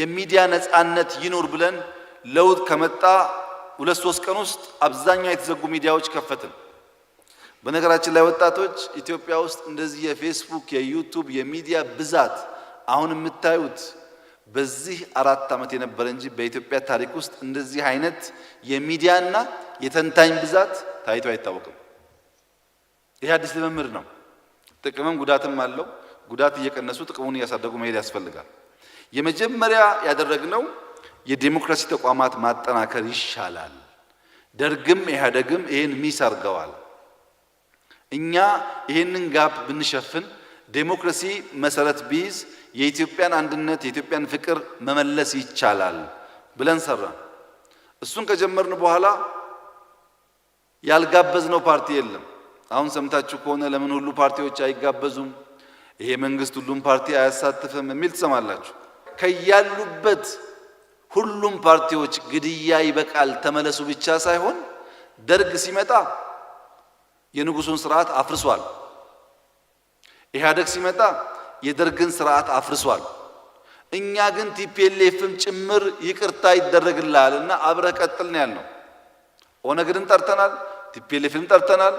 የሚዲያ ነፃነት ይኖር ብለን ለውጥ ከመጣ ሁለት ሶስት ቀን ውስጥ አብዛኛው የተዘጉ ሚዲያዎች ከፈትን። በነገራችን ላይ ወጣቶች ኢትዮጵያ ውስጥ እንደዚህ የፌስቡክ የዩቱብ የሚዲያ ብዛት አሁን የምታዩት በዚህ አራት ዓመት የነበረ እንጂ በኢትዮጵያ ታሪክ ውስጥ እንደዚህ አይነት የሚዲያና የተንታኝ ብዛት ታይቶ አይታወቅም። ይህ አዲስ ልምምድ ነው። ጥቅምም ጉዳትም አለው። ጉዳት እየቀነሱ ጥቅሙን እያሳደጉ መሄድ ያስፈልጋል። የመጀመሪያ ያደረግነው የዲሞክራሲ ተቋማት ማጠናከር ይሻላል። ደርግም ኢህአደግም ይሄን ሚስ አርገዋል እኛ ይሄንን ጋፕ ብንሸፍን ዴሞክራሲ መሰረት ቢይዝ የኢትዮጵያን አንድነት የኢትዮጵያን ፍቅር መመለስ ይቻላል ብለን ሰራን። እሱን ከጀመርን በኋላ ያልጋበዝነው ፓርቲ የለም። አሁን ሰምታችሁ ከሆነ ለምን ሁሉ ፓርቲዎች አይጋበዙም፣ ይሄ መንግስት ሁሉም ፓርቲ አያሳትፍም የሚል ትሰማላችሁ። ከያሉበት ሁሉም ፓርቲዎች ግድያ ይበቃል ተመለሱ ብቻ ሳይሆን ደርግ ሲመጣ የንጉሱን ስርዓት አፍርሷል። ኢህአደግ ሲመጣ የደርግን ስርዓት አፍርሷል። እኛ ግን ቲፒኤልኤፍም ጭምር ይቅርታ ይደረግልሃል እና አብረህ ቀጥል ነው ያልነው። ኦነግንም ጠርተናል፣ ቲፒኤልኤፍንም ጠርተናል፣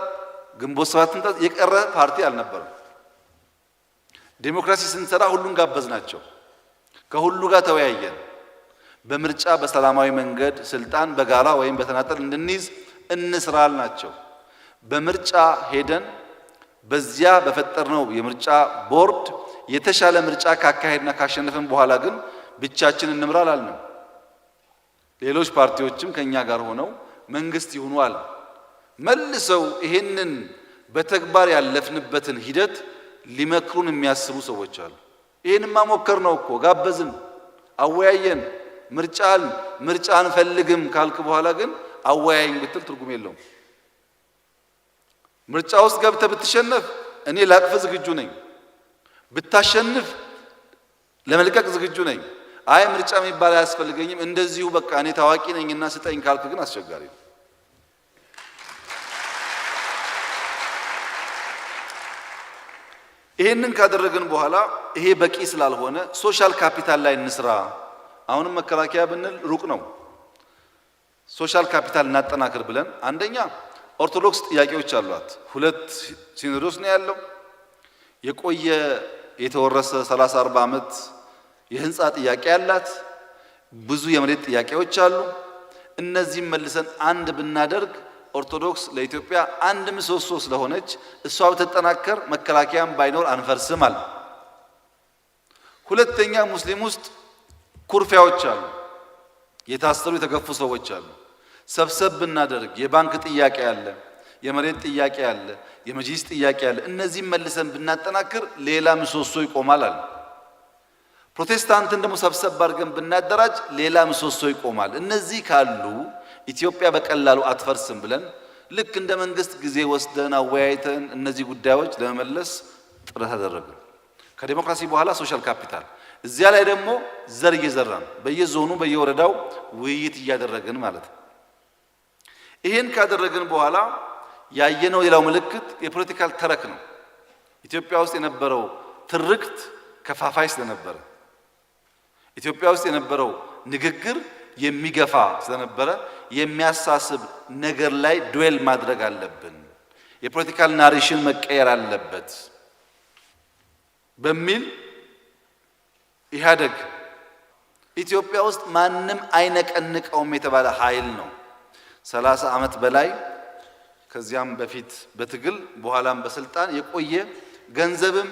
ግንቦት ሰባትን የቀረ ፓርቲ አልነበረም። ዴሞክራሲ ስንሰራ ሁሉን ጋበዝ ናቸው። ከሁሉ ጋር ተወያየን። በምርጫ በሰላማዊ መንገድ ስልጣን በጋራ ወይም በተናጠል እንድንይዝ እንስራል ናቸው። በምርጫ ሄደን በዚያ በፈጠርነው የምርጫ ቦርድ የተሻለ ምርጫ ካካሄድና ካሸነፍን በኋላ ግን ብቻችን እንምራ አላልንም። ሌሎች ፓርቲዎችም ከእኛ ጋር ሆነው መንግስት ይሁኑ አለ። መልሰው ይሄንን በተግባር ያለፍንበትን ሂደት ሊመክሩን የሚያስቡ ሰዎች አሉ። ይህንማ ሞከር ነው እኮ ጋበዝን፣ አወያየን፣ ምርጫን ምርጫ አንፈልግም ካልክ በኋላ ግን አወያየኝ ብትል ትርጉም የለውም። ምርጫ ውስጥ ገብተህ ብትሸነፍ እኔ ላቅፍ ዝግጁ ነኝ፣ ብታሸንፍ ለመልቀቅ ዝግጁ ነኝ። አይ ምርጫ የሚባል አያስፈልገኝም እንደዚሁ በቃ እኔ ታዋቂ ነኝና ስጠኝ ካልክ ግን አስቸጋሪ ነው። ይሄንን ካደረግን በኋላ ይሄ በቂ ስላልሆነ ሶሻል ካፒታል ላይ እንስራ። አሁንም መከላከያ ብንል ሩቅ ነው። ሶሻል ካፒታል እናጠናክር ብለን አንደኛ ኦርቶዶክስ ጥያቄዎች አሏት። ሁለት ሲኖዶስ ነው ያለው። የቆየ የተወረሰ 30 40 ዓመት የህንፃ ጥያቄ አላት። ብዙ የመሬት ጥያቄዎች አሉ። እነዚህም መልሰን አንድ ብናደርግ ኦርቶዶክስ ለኢትዮጵያ አንድ ምሰሶ ስለሆነች እሷ ብትጠናከር መከላከያም ባይኖር አንፈርስም አለ። ሁለተኛ ሙስሊም ውስጥ ኩርፊያዎች አሉ፣ የታሰሩ የተገፉ ሰዎች አሉ። ሰብሰብ ብናደርግ የባንክ ጥያቄ አለ፣ የመሬት ጥያቄ አለ፣ የመጅሊስ ጥያቄ አለ። እነዚህም መልሰን ብናጠናክር ሌላ ምሰሶ ይቆማል አለ። ፕሮቴስታንትን ደግሞ ሰብሰብ አድርገን ብናደራጅ ሌላ ምሰሶ ይቆማል። እነዚህ ካሉ ኢትዮጵያ በቀላሉ አትፈርስም ብለን ልክ እንደ መንግስት ጊዜ ወስደን አወያይተን እነዚህ ጉዳዮች ለመመለስ ጥረት አደረግን። ከዲሞክራሲ በኋላ ሶሻል ካፒታል እዚያ ላይ ደግሞ ዘር እየዘራን በየዞኑ በየወረዳው ውይይት እያደረግን ማለት ነው። ይህን ካደረግን በኋላ ያየነው ሌላው ምልክት የፖለቲካል ተረክ ነው። ኢትዮጵያ ውስጥ የነበረው ትርክት ከፋፋይ ስለነበረ ኢትዮጵያ ውስጥ የነበረው ንግግር የሚገፋ ስለነበረ የሚያሳስብ ነገር ላይ ድዌል ማድረግ አለብን። የፖለቲካል ናሬሽን መቀየር አለበት በሚል ኢህአደግ ኢትዮጵያ ውስጥ ማንም አይነቀንቀውም የተባለ ኃይል ነው። ሰላሳ ዓመት በላይ ከዚያም በፊት በትግል በኋላም በስልጣን የቆየ ገንዘብም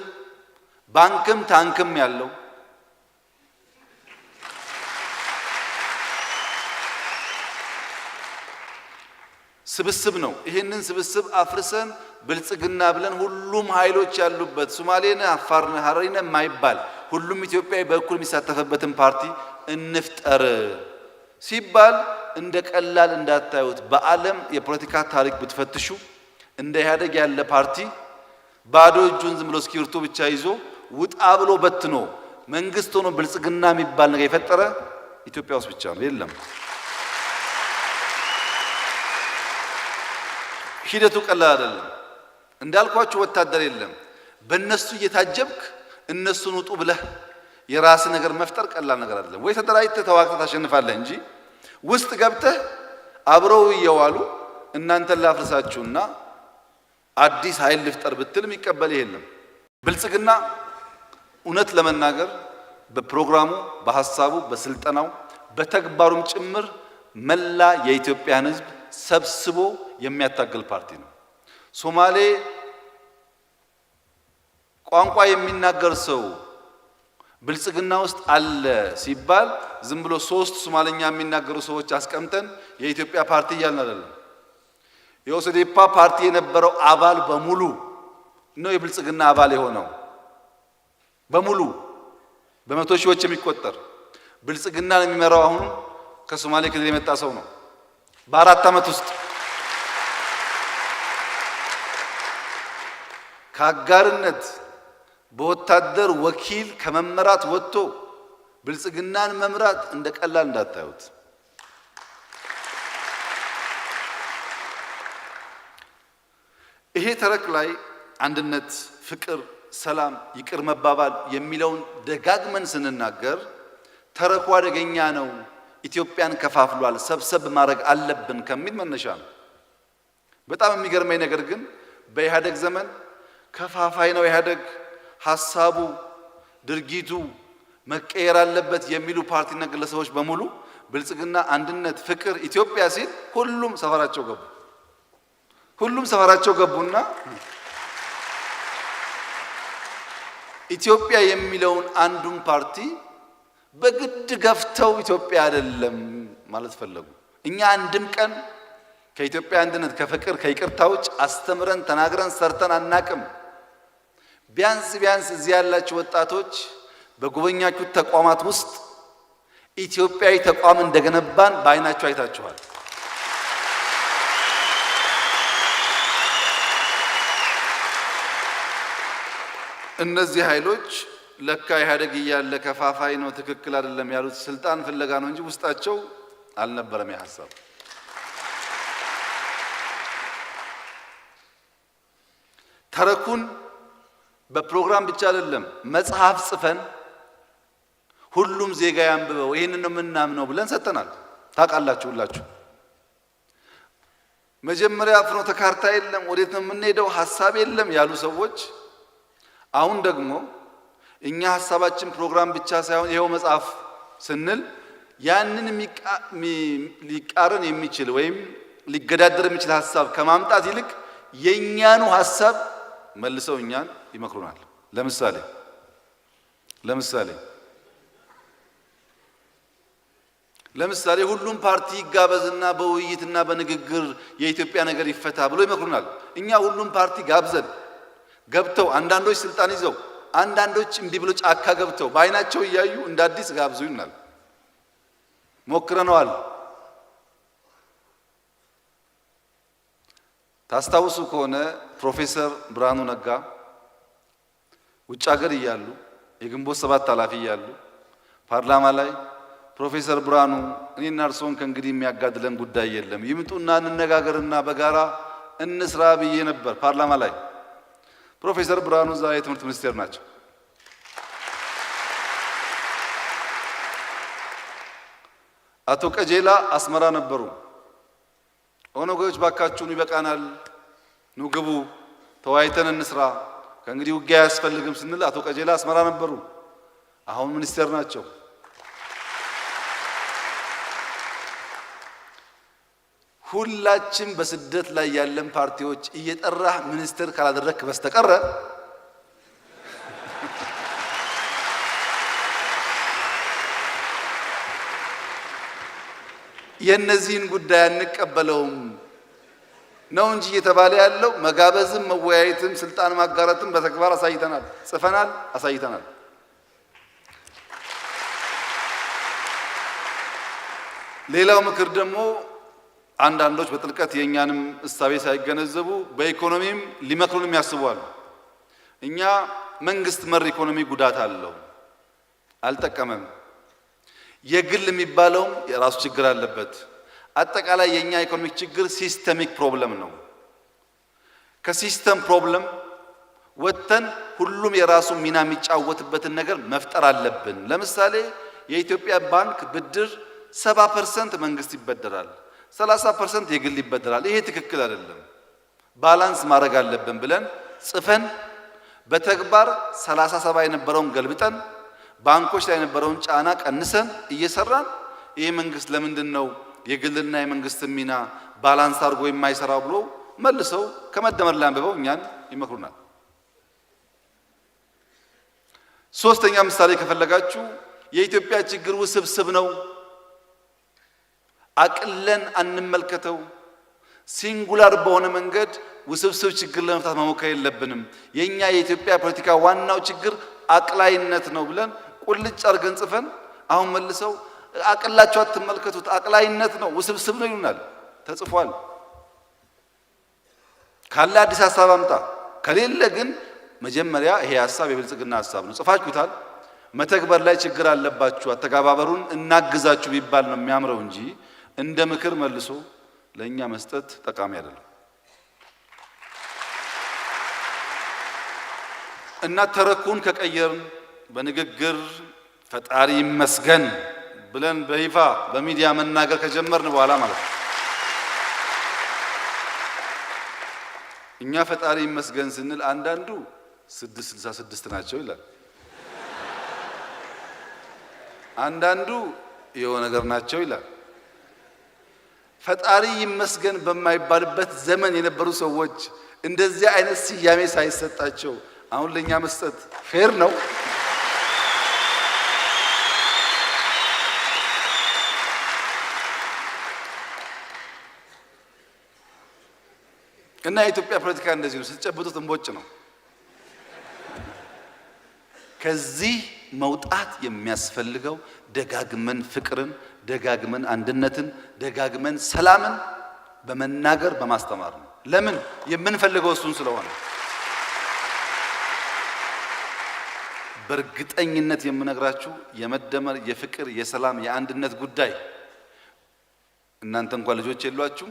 ባንክም ታንክም ያለው ስብስብ ነው። ይህንን ስብስብ አፍርሰን ብልጽግና ብለን ሁሉም ኃይሎች ያሉበት ሶማሌነ፣ አፋርነ፣ ሀረሪነ የማይባል ሁሉም ኢትዮጵያዊ በእኩል የሚሳተፈበትን ፓርቲ እንፍጠር ሲባል እንደ ቀላል እንዳታዩት። በዓለም የፖለቲካ ታሪክ ብትፈትሹ እንደ ኢህአደግ ያለ ፓርቲ ባዶ እጁን ዝም ብሎ እስክሪብቶ ብቻ ይዞ ውጣ ብሎ በትኖ መንግስት ሆኖ ብልጽግና የሚባል ነገር የፈጠረ ኢትዮጵያ ውስጥ ብቻ ነው። የለም። ሂደቱ ቀላል አይደለም። እንዳልኳችሁ ወታደር የለም። በእነሱ እየታጀብክ እነሱን ውጡ ብለህ የራስ ነገር መፍጠር ቀላል ነገር አይደለም። ወይ ተደራጅተህ ተዋግተህ ታሸንፋለህ እንጂ ውስጥ ገብተህ አብረው እየዋሉ እናንተን ላፍርሳችሁና አዲስ ኃይል ልፍጠር ብትል የሚቀበል የለም። ብልጽግና እውነት ለመናገር በፕሮግራሙ፣ በሀሳቡ፣ በስልጠናው፣ በተግባሩም ጭምር መላ የኢትዮጵያን ሕዝብ ሰብስቦ የሚያታግል ፓርቲ ነው። ሶማሌ ቋንቋ የሚናገር ሰው ብልጽግና ውስጥ አለ ሲባል ዝም ብሎ ሶስት ሶማለኛ የሚናገሩ ሰዎች አስቀምጠን የኢትዮጵያ ፓርቲ እያልን አይደለም። የኦሶዴፓ ፓርቲ የነበረው አባል በሙሉ ነው የብልጽግና አባል የሆነው በሙሉ በመቶ ሺዎች የሚቆጠር ብልጽግናን የሚመራው አሁን ከሶማሌ ክልል የመጣ ሰው ነው። በአራት ዓመት ውስጥ ከአጋርነት በወታደር ወኪል ከመመራት ወጥቶ ብልጽግናን መምራት እንደ ቀላል እንዳታዩት። ይሄ ተረክ ላይ አንድነት፣ ፍቅር፣ ሰላም፣ ይቅር መባባል የሚለውን ደጋግመን ስንናገር ተረኩ አደገኛ ነው ኢትዮጵያን ከፋፍሏል፣ ሰብሰብ ማድረግ አለብን ከሚል መነሻ ነው። በጣም የሚገርመኝ ነገር ግን በኢህአደግ ዘመን ከፋፋይ ነው ኢህአደግ፣ ሀሳቡ ድርጊቱ መቀየር አለበት የሚሉ ፓርቲና ግለሰቦች በሙሉ ብልጽግና፣ አንድነት፣ ፍቅር፣ ኢትዮጵያ ሲል ሁሉም ሰፈራቸው ገቡ። ሁሉም ሰፈራቸው ገቡና ኢትዮጵያ የሚለውን አንዱን ፓርቲ በግድ ገፍተው ኢትዮጵያ አይደለም ማለት ፈለጉ። እኛ አንድም ቀን ከኢትዮጵያ አንድነት፣ ከፍቅር፣ ከይቅርታ ውጭ አስተምረን ተናግረን ሰርተን አናቅም። ቢያንስ ቢያንስ እዚህ ያላችሁ ወጣቶች በጎበኛችሁ ተቋማት ውስጥ ኢትዮጵያዊ ተቋም እንደገነባን በአይናችሁ አይታችኋል። እነዚህ ኃይሎች ለካ ኢህአዴግ እያለ ከፋፋይ ነው ትክክል አይደለም ያሉት ስልጣን ፍለጋ ነው እንጂ ውስጣቸው አልነበረም የሀሳብ ተረኩን በፕሮግራም ብቻ አይደለም መጽሐፍ ጽፈን ሁሉም ዜጋ ያንብበው ይህንን ነው የምናምነው ብለን ሰጥተናል። ታውቃላችሁ ሁላችሁ። መጀመሪያ ፍኖተ ካርታ የለም፣ ወዴት ነው የምንሄደው፣ ሀሳብ የለም ያሉ ሰዎች አሁን ደግሞ እኛ ሀሳባችን ፕሮግራም ብቻ ሳይሆን ይኸው መጽሐፍ ስንል ያንን ሊቃረን የሚችል ወይም ሊገዳደር የሚችል ሀሳብ ከማምጣት ይልቅ የእኛኑ ሀሳብ መልሰው እኛን ይመክሩናል። ለምሳሌ ለምሳሌ ለምሳሌ ሁሉም ፓርቲ ይጋበዝና በውይይትና በንግግር የኢትዮጵያ ነገር ይፈታ ብሎ ይመክሩናል። እኛ ሁሉም ፓርቲ ጋብዘን ገብተው አንዳንዶች ስልጣን ይዘው አንዳንዶች እምቢ ብሎ ጫካ ገብተው በአይናቸው እያዩ እንደ አዲስ ጋብዙ ይናል። ሞክረነዋል። ታስታውሱ ከሆነ ፕሮፌሰር ብርሃኑ ነጋ ውጭ ሀገር እያሉ የግንቦት ሰባት ኃላፊ እያሉ ፓርላማ ላይ ፕሮፌሰር ብርሃኑ እኔና እርስዎን ከእንግዲህ የሚያጋድለን ጉዳይ የለም፣ ይምጡና እንነጋገርና በጋራ እንስራ ብዬ ነበር ፓርላማ ላይ ፕሮፌሰር ብርሃኑ ዛ የትምህርት ሚኒስቴር ናቸው። አቶ ቀጀላ አስመራ ነበሩ። ኦነጎች ባካችሁን ይበቃናል፣ ንግቡ ተዋይተን ተወያይተን እንስራ፣ ከእንግዲህ ውጊያ አያስፈልግም ስንል አቶ ቀጀላ አስመራ ነበሩ። አሁን ሚኒስቴር ናቸው። ሁላችን በስደት ላይ ያለን ፓርቲዎች እየጠራህ ሚኒስትር ካላደረክ በስተቀረ የእነዚህን ጉዳይ አንቀበለውም ነው እንጂ እየተባለ ያለው መጋበዝም መወያየትም ስልጣን ማጋራትም በተግባር አሳይተናል፣ ጽፈናል፣ አሳይተናል። ሌላው ምክር ደግሞ አንዳንዶች በጥልቀት የእኛንም እሳቤ ሳይገነዘቡ በኢኮኖሚም ሊመክሩን የሚያስቧል። እኛ መንግስት መር ኢኮኖሚ ጉዳት አለው፣ አልጠቀመም። የግል የሚባለውም የራሱ ችግር አለበት። አጠቃላይ የእኛ ኢኮኖሚክ ችግር ሲስተሚክ ፕሮብለም ነው። ከሲስተም ፕሮብለም ወጥተን ሁሉም የራሱ ሚና የሚጫወትበትን ነገር መፍጠር አለብን። ለምሳሌ የኢትዮጵያ ባንክ ብድር ሰባ ፐርሰንት መንግስት ይበደራል። 30 ፐርሰንት የግል ይበደራል። ይሄ ትክክል አይደለም። ባላንስ ማድረግ አለብን ብለን ጽፈን በተግባር 37 የነበረውን ገልብጠን ባንኮች ላይ የነበረውን ጫና ቀንሰን እየሰራን ይህ መንግስት ለምንድን ነው የግልና የመንግስት ሚና ባላንስ አድርጎ የማይሰራው ብሎ መልሰው ከመደመር ላይ አንብበው እኛን ይመክሩናል። ሶስተኛ ምሳሌ ከፈለጋችሁ የኢትዮጵያ ችግር ውስብስብ ነው። አቅለን አንመልከተው። ሲንጉላር በሆነ መንገድ ውስብስብ ችግር ለመፍታት መሞከር የለብንም። የእኛ የኢትዮጵያ ፖለቲካ ዋናው ችግር አቅላይነት ነው ብለን ቁልጭ አርገን ጽፈን አሁን መልሰው አቅላቸው አትመልከቱት፣ አቅላይነት ነው ውስብስብ ነው ይሉናል። ተጽፏል ካለ አዲስ ሀሳብ አምጣ፣ ከሌለ ግን መጀመሪያ ይሄ ሀሳብ የብልጽግና ሀሳብ ነው ጽፋችሁታል፣ መተግበር ላይ ችግር አለባችሁ፣ አተገባበሩን እናግዛችሁ ቢባል ነው የሚያምረው እንጂ እንደ ምክር መልሶ ለእኛ መስጠት ጠቃሚ አይደለም እና ተረኩን ከቀየርን በንግግር ፈጣሪ ይመስገን ብለን በይፋ በሚዲያ መናገር ከጀመርን በኋላ ማለት ነው። እኛ ፈጣሪ ይመስገን ስንል አንዳንዱ ስድስት ስልሳ ስድስት ናቸው ይላል፣ አንዳንዱ የሆነ ነገር ናቸው ይላል። ፈጣሪ ይመስገን በማይባልበት ዘመን የነበሩ ሰዎች እንደዚህ አይነት ስያሜ ሳይሰጣቸው አሁን ለእኛ መስጠት ፌር ነው። እና የኢትዮጵያ ፖለቲካ እንደዚህ ነው፣ ስትጨብጡት እንቦጭ ነው። ከዚህ መውጣት የሚያስፈልገው ደጋግመን ፍቅርን ደጋግመን አንድነትን፣ ደጋግመን ሰላምን በመናገር በማስተማር ነው። ለምን የምንፈልገው እሱን ስለሆነ በእርግጠኝነት የምነግራችሁ የመደመር የፍቅር የሰላም የአንድነት ጉዳይ እናንተ እንኳን ልጆች የሏችሁ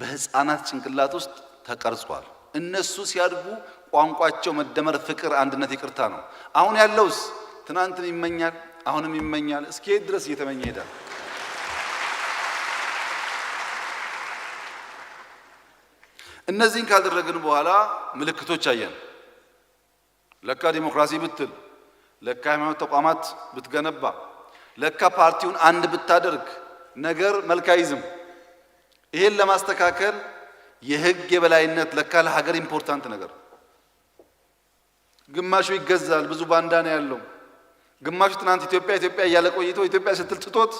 በህፃናት ጭንቅላት ውስጥ ተቀርጿል። እነሱ ሲያድጉ ቋንቋቸው መደመር፣ ፍቅር፣ አንድነት፣ ይቅርታ ነው። አሁን ያለውስ ትናንትም ይመኛል፣ አሁንም ይመኛል፣ እስከ የት ድረስ እየተመኘ ሄዳል። እነዚህን ካደረግን በኋላ ምልክቶች አየን። ለካ ዲሞክራሲ ብትል፣ ለካ ሃይማኖት ተቋማት ብትገነባ፣ ለካ ፓርቲውን አንድ ብታደርግ ነገር መልክ አይዝም። ይሄን ለማስተካከል የህግ የበላይነት ለካ ለሀገር ኢምፖርታንት ነገር። ግማሹ ይገዛል፣ ብዙ ባንዳ ነው ያለው። ግማሹ ትናንት ኢትዮጵያ ኢትዮጵያ እያለ ቆይቶ ኢትዮጵያ ስትል ትቶት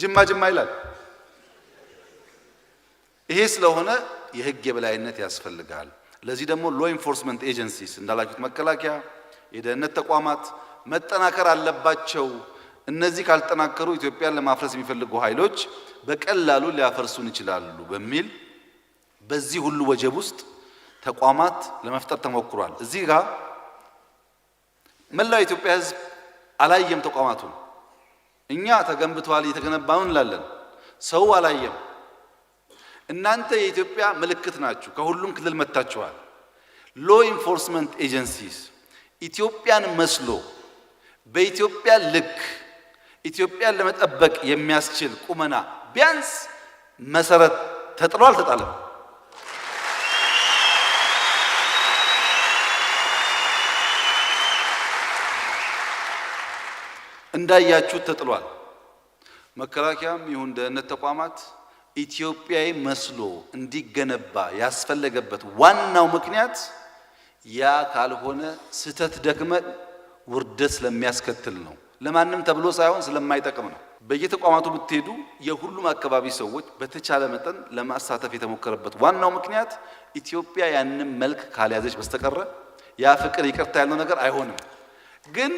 ጅማ ጅማ ይላል። ይሄ ስለሆነ የህግ የበላይነት ያስፈልጋል። ለዚህ ደግሞ ሎ ኢንፎርስመንት ኤጀንሲስ እንዳላችሁት መከላከያ፣ የደህንነት ተቋማት መጠናከር አለባቸው። እነዚህ ካልጠናከሩ ኢትዮጵያን ለማፍረስ የሚፈልጉ ኃይሎች በቀላሉ ሊያፈርሱን ይችላሉ በሚል በዚህ ሁሉ ወጀብ ውስጥ ተቋማት ለመፍጠር ተሞክሯል። እዚህ ጋር መላው የኢትዮጵያ ህዝብ አላየም ተቋማቱን። እኛ ተገንብቷል እየተገነባ ነው እንላለን፣ ሰው አላየም። እናንተ የኢትዮጵያ ምልክት ናችሁ። ከሁሉም ክልል መጥታችኋል። ሎ ኢንፎርስመንት ኤጀንሲስ ኢትዮጵያን መስሎ በኢትዮጵያ ልክ ኢትዮጵያን ለመጠበቅ የሚያስችል ቁመና ቢያንስ መሰረት ተጥሎ አልተጣለም። እንዳያችሁት ተጥሏል። መከላከያም ይሁን ደህንነት ተቋማት ኢትዮጵያዊ መስሎ እንዲገነባ ያስፈለገበት ዋናው ምክንያት ያ ካልሆነ ስህተት ደክመ ውርደት ስለሚያስከትል ነው። ለማንም ተብሎ ሳይሆን ስለማይጠቅም ነው። በየተቋማቱ ብትሄዱ የሁሉም አካባቢ ሰዎች በተቻለ መጠን ለማሳተፍ የተሞከረበት ዋናው ምክንያት ኢትዮጵያ ያንን መልክ ካልያዘች በስተቀረ ያ ፍቅር ይቅርታ ያለው ነገር አይሆንም። ግን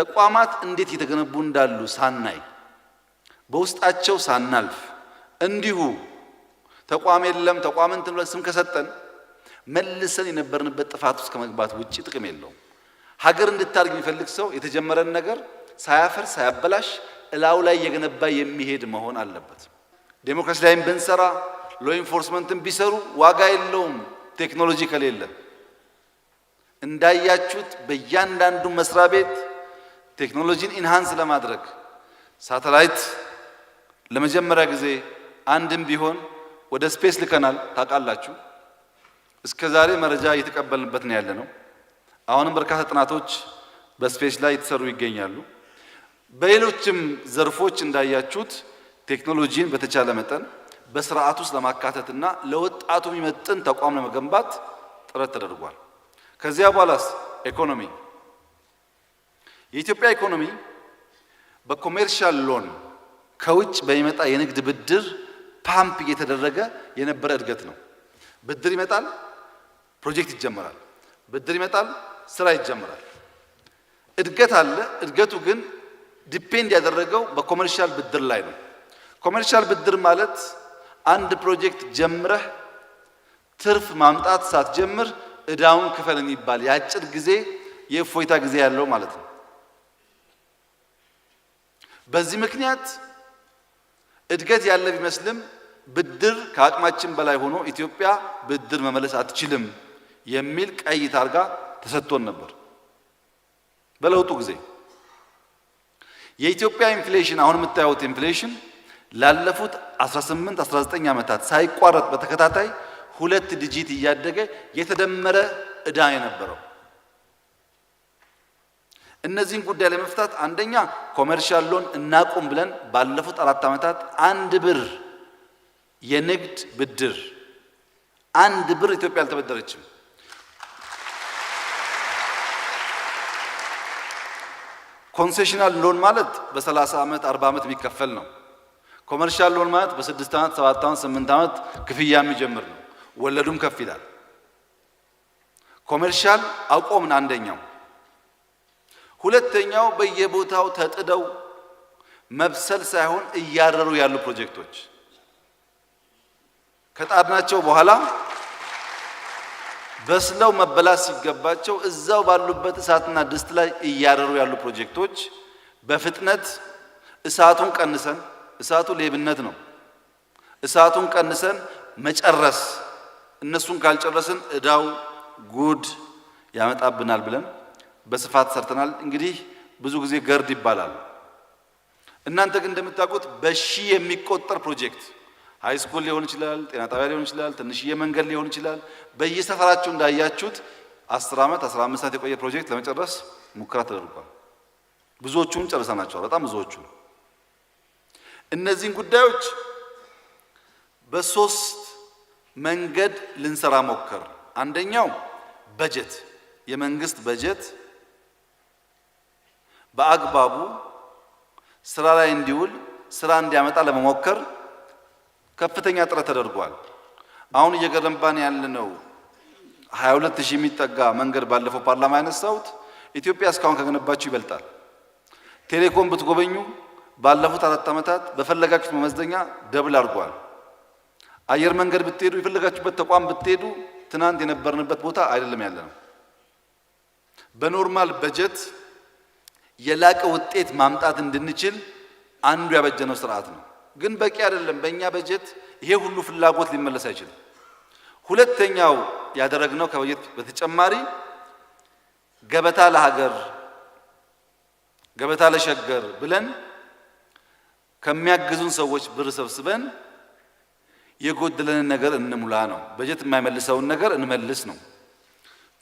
ተቋማት እንዴት እየተገነቡ እንዳሉ ሳናይ በውስጣቸው ሳናልፍ እንዲሁ ተቋም የለም ተቋም እንትን ብለን ስም ከሰጠን መልሰን የነበርንበት ጥፋት ውስጥ ከመግባት ውጭ ጥቅም የለውም። ሀገር እንድታድግ የሚፈልግ ሰው የተጀመረን ነገር ሳያፈር ሳያበላሽ እላው ላይ የገነባ የሚሄድ መሆን አለበት። ዴሞክራሲ ላይም ብንሰራ ሎ ኢንፎርስመንትን ቢሰሩ ዋጋ የለውም። ቴክኖሎጂ ከሌለ እንዳያችሁት በእያንዳንዱ መስሪያ ቤት ቴክኖሎጂን ኢንሃንስ ለማድረግ ሳተላይት ለመጀመሪያ ጊዜ አንድም ቢሆን ወደ ስፔስ ልከናል። ታውቃላችሁ፣ እስከ ዛሬ መረጃ እየተቀበልንበት ነው ያለ ነው። አሁንም በርካታ ጥናቶች በስፔስ ላይ የተሰሩ ይገኛሉ። በሌሎችም ዘርፎች እንዳያችሁት ቴክኖሎጂን በተቻለ መጠን በስርዓት ውስጥ ለማካተትና ለወጣቱ የሚመጥን ተቋም ለመገንባት ጥረት ተደርጓል። ከዚያ በኋላስ ኢኮኖሚ የኢትዮጵያ ኢኮኖሚ በኮሜርሻል ሎን ከውጭ በሚመጣ የንግድ ብድር ፓምፕ እየተደረገ የነበረ እድገት ነው። ብድር ይመጣል፣ ፕሮጀክት ይጀመራል። ብድር ይመጣል፣ ስራ ይጀመራል። እድገት አለ። እድገቱ ግን ዲፔንድ ያደረገው በኮመርሻል ብድር ላይ ነው። ኮመርሻል ብድር ማለት አንድ ፕሮጀክት ጀምረህ ትርፍ ማምጣት ሳትጀምር እዳውን ክፈል የሚባል የአጭር ጊዜ የእፎይታ ጊዜ ያለው ማለት ነው። በዚህ ምክንያት እድገት ያለ ቢመስልም ብድር ከአቅማችን በላይ ሆኖ ኢትዮጵያ ብድር መመለስ አትችልም የሚል ቀይ ታርጋ ተሰጥቶን ነበር። በለውጡ ጊዜ የኢትዮጵያ ኢንፍሌሽን አሁን የምታዩት ኢንፍሌሽን ላለፉት 18 19 ዓመታት ሳይቋረጥ በተከታታይ ሁለት ዲጂት እያደገ የተደመረ እዳ የነበረው እነዚህን ጉዳይ ለመፍታት አንደኛ ኮመርሻል ሎን እናቁም ብለን ባለፉት አራት ዓመታት አንድ ብር የንግድ ብድር አንድ ብር ኢትዮጵያ አልተበደረችም። ኮንሴሽናል ሎን ማለት በ30 ዓመት 40 ዓመት የሚከፈል ነው። ኮመርሻል ሎን ማለት በ6 ዓመት 7 ዓመት 8 ዓመት ክፍያ የሚጀምር ነው። ወለዱም ከፍ ይላል። ኮመርሻል አቆምን አንደኛው ሁለተኛው በየቦታው ተጥደው መብሰል ሳይሆን እያረሩ ያሉ ፕሮጀክቶች ከጣድናቸው በኋላ በስለው መበላት ሲገባቸው እዛው ባሉበት እሳትና ድስት ላይ እያረሩ ያሉ ፕሮጀክቶች በፍጥነት እሳቱን ቀንሰን፣ እሳቱ ሌብነት ነው። እሳቱን ቀንሰን መጨረስ እነሱን ካልጨረስን እዳው ጉድ ያመጣብናል ብለን በስፋት ሰርተናል። እንግዲህ ብዙ ጊዜ ገርድ ይባላል። እናንተ ግን እንደምታውቁት በሺ የሚቆጠር ፕሮጀክት ሃይስኩል ሊሆን ይችላል፣ ጤና ጣቢያ ሊሆን ይችላል፣ ትንሽዬ መንገድ ሊሆን ይችላል። በየሰፈራችሁ እንዳያችሁት 10 ዓመት 15 ዓመት የቆየ ፕሮጀክት ለመጨረስ ሙከራ ተደርጓል። ብዙዎቹም ጨርሰናቸዋል። በጣም ብዙዎቹ እነዚህን ጉዳዮች በሶስት መንገድ ልንሰራ ሞከር። አንደኛው በጀት የመንግስት በጀት በአግባቡ ስራ ላይ እንዲውል ስራ እንዲያመጣ ለመሞከር ከፍተኛ ጥረት ተደርጓል። አሁን እየገነባን ያለነው 22 ሺህ የሚጠጋ መንገድ ባለፈው ፓርላማ ያነሳሁት ኢትዮጵያ እስካሁን ከገነባችሁ ይበልጣል። ቴሌኮም ብትጎበኙ ባለፉት አራት ዓመታት በፈለጋችሁት መመዘኛ ደብል አድርጓል። አየር መንገድ ብትሄዱ፣ የፈለጋችሁበት ተቋም ብትሄዱ ትናንት የነበርንበት ቦታ አይደለም ያለነው በኖርማል በጀት የላቀ ውጤት ማምጣት እንድንችል አንዱ ያበጀነው ስርዓት ነው። ግን በቂ አይደለም። በእኛ በጀት ይሄ ሁሉ ፍላጎት ሊመለስ አይችልም። ሁለተኛው ያደረግነው ከበጀት በተጨማሪ ገበታ ለሀገር ገበታ ለሸገር ብለን ከሚያግዙን ሰዎች ብር ሰብስበን የጎደለንን ነገር እንሙላ ነው። በጀት የማይመልሰውን ነገር እንመልስ ነው።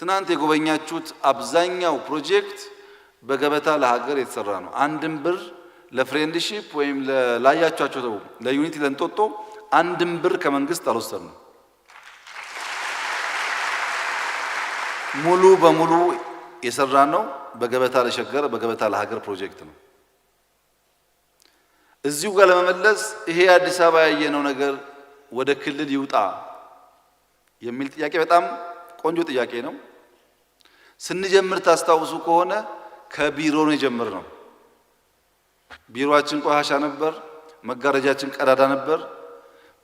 ትናንት የጎበኛችሁት አብዛኛው ፕሮጀክት በገበታ ለሀገር የተሰራ ነው። አንድም ብር ለፍሬንድሺፕ ወይም ላያቻቸው ተው ለዩኒቲ ለንጦጦ አንድም ብር ከመንግስት አልወሰድንም። ሙሉ በሙሉ የሰራ ነው በገበታ ለሸገር በገበታ ለሀገር ፕሮጀክት ነው። እዚሁ ጋር ለመመለስ ይሄ አዲስ አበባ ያየነው ነገር ወደ ክልል ይውጣ የሚል ጥያቄ በጣም ቆንጆ ጥያቄ ነው። ስንጀምር ታስታውሱ ከሆነ ከቢሮ ነው የጀመርነው። ቢሮአችን ቆሻሻ ነበር፣ መጋረጃችን ቀዳዳ ነበር።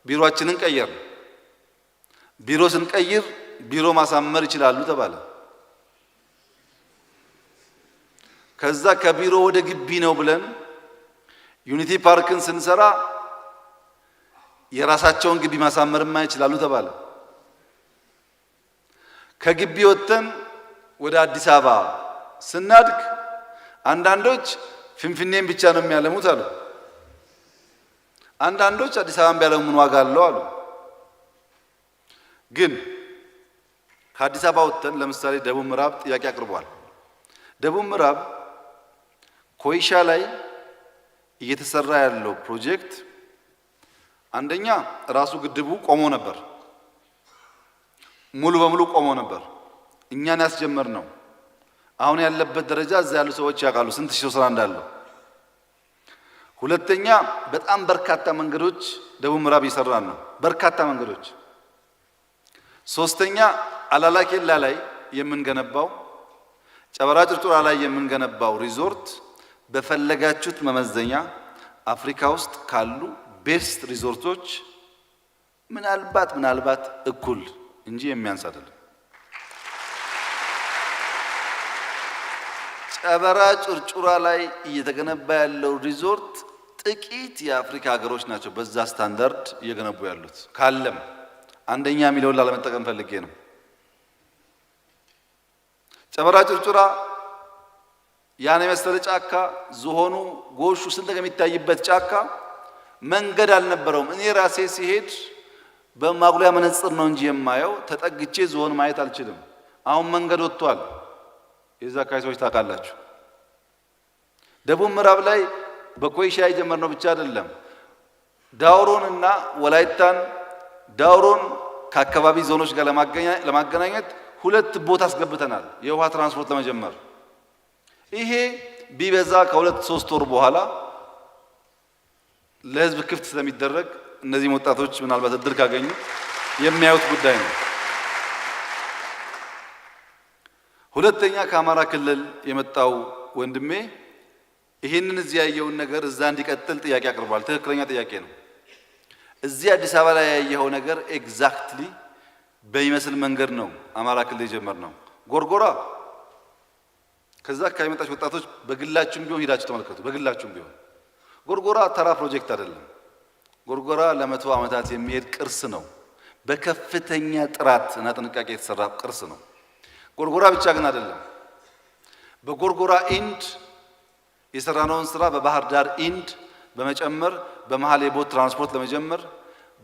ቢሮአችንን ቀየር። ቢሮ ስንቀይር ቢሮ ማሳመር ይችላሉ ተባለ። ከዛ ከቢሮ ወደ ግቢ ነው ብለን ዩኒቲ ፓርክን ስንሰራ የራሳቸውን ግቢ ማሳመርማ ይችላሉ ተባለ። ከግቢ ወጥተን ወደ አዲስ አበባ ስናድግ አንዳንዶች ፍንፍኔን ብቻ ነው የሚያለሙት አሉ። አንዳንዶች አዲስ አበባን ቢያለሙ ምን ዋጋ አለው አሉ። ግን ከአዲስ አበባ ወጥተን ለምሳሌ ደቡብ ምዕራብ ጥያቄ አቅርቧል። ደቡብ ምዕራብ ኮይሻ ላይ እየተሰራ ያለው ፕሮጀክት አንደኛ ራሱ ግድቡ ቆሞ ነበር፣ ሙሉ በሙሉ ቆሞ ነበር። እኛን ያስጀመር ነው። አሁን ያለበት ደረጃ እዛ ያሉ ሰዎች ያውቃሉ ስንት ሺህ ስራ እንዳለው። ሁለተኛ በጣም በርካታ መንገዶች ደቡብ ምዕራብ እየሰራን ነው፣ በርካታ መንገዶች። ሶስተኛ አላላ ኬላ ላይ የምንገነባው ጨበራ ላይ የምንገነባው ሪዞርት በፈለጋችሁት መመዘኛ አፍሪካ ውስጥ ካሉ ቤስት ሪዞርቶች ምናልባት ምናልባት እኩል እንጂ የሚያንስ አይደለም። ጨበራ ጩርጩራ ላይ እየተገነባ ያለው ሪዞርት ጥቂት የአፍሪካ ሀገሮች ናቸው በዛ ስታንዳርድ እየገነቡ ያሉት። ካለም አንደኛ የሚለውን ላለመጠቀም ፈልጌ ነው። ጨበራ ጩርጩራ ያን የመሰለ ጫካ ዝሆኑ ጎሹ ስንት የሚታይበት ጫካ መንገድ አልነበረውም። እኔ ራሴ ሲሄድ በማጉሊያ መነጽር ነው እንጂ የማየው ተጠግቼ ዝሆን ማየት አልችልም። አሁን መንገድ ወጥቷል። የዛ አካባቢ ሰዎች ታውቃላችሁ። ደቡብ ምዕራብ ላይ በኮይሻ የጀመርነው ብቻ አይደለም። ዳውሮን እና ወላይታን ዳውሮን ከአካባቢ ዞኖች ጋር ለማገናኘት ሁለት ቦታ አስገብተናል፣ የውሃ ትራንስፖርት ለመጀመር። ይሄ ቢበዛ ከሁለት ሶስት ወር በኋላ ለህዝብ ክፍት ስለሚደረግ እነዚህም ወጣቶች ምናልባት እድል ካገኙ የሚያዩት ጉዳይ ነው። ሁለተኛ ከአማራ ክልል የመጣው ወንድሜ ይህንን እዚህ ያየውን ነገር እዛ እንዲቀጥል ጥያቄ አቅርቧል። ትክክለኛ ጥያቄ ነው። እዚህ አዲስ አበባ ላይ ያየኸው ነገር ኤግዛክትሊ በሚመስል መንገድ ነው አማራ ክልል ነው። ጎርጎራ ከዛ አካባቢ የመጣች ወጣቶች በግላችሁም ቢሆን ሄዳችሁ ተመልከቱ። በግላችሁም ቢሆን ጎርጎራ ተራ ፕሮጀክት አይደለም። ጎርጎራ ለመቶ ዓመታት የሚሄድ ቅርስ ነው። በከፍተኛ ጥራት እና ጥንቃቄ የተሰራ ቅርስ ነው። ጎርጎራ ብቻ ግን አይደለም። በጎርጎራ ኢንድ የሰራነውን ስራ በባህር ዳር ኢንድ በመጨመር በመሀል የቦት ትራንስፖርት ለመጀመር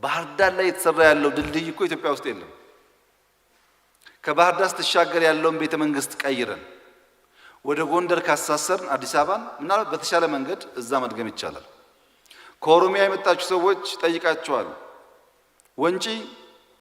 ባህር ዳር ላይ የተሰራ ያለው ድልድይ እኮ ኢትዮጵያ ውስጥ የለም። ከባህር ዳር ስትሻገር ያለውን ቤተ መንግስት ቀይረን ወደ ጎንደር ካሳሰርን አዲስ አበባን ምናልባት በተሻለ መንገድ እዛ መድገም ይቻላል። ከኦሮሚያ የመጣችሁ ሰዎች ጠይቃችኋል ወንጪ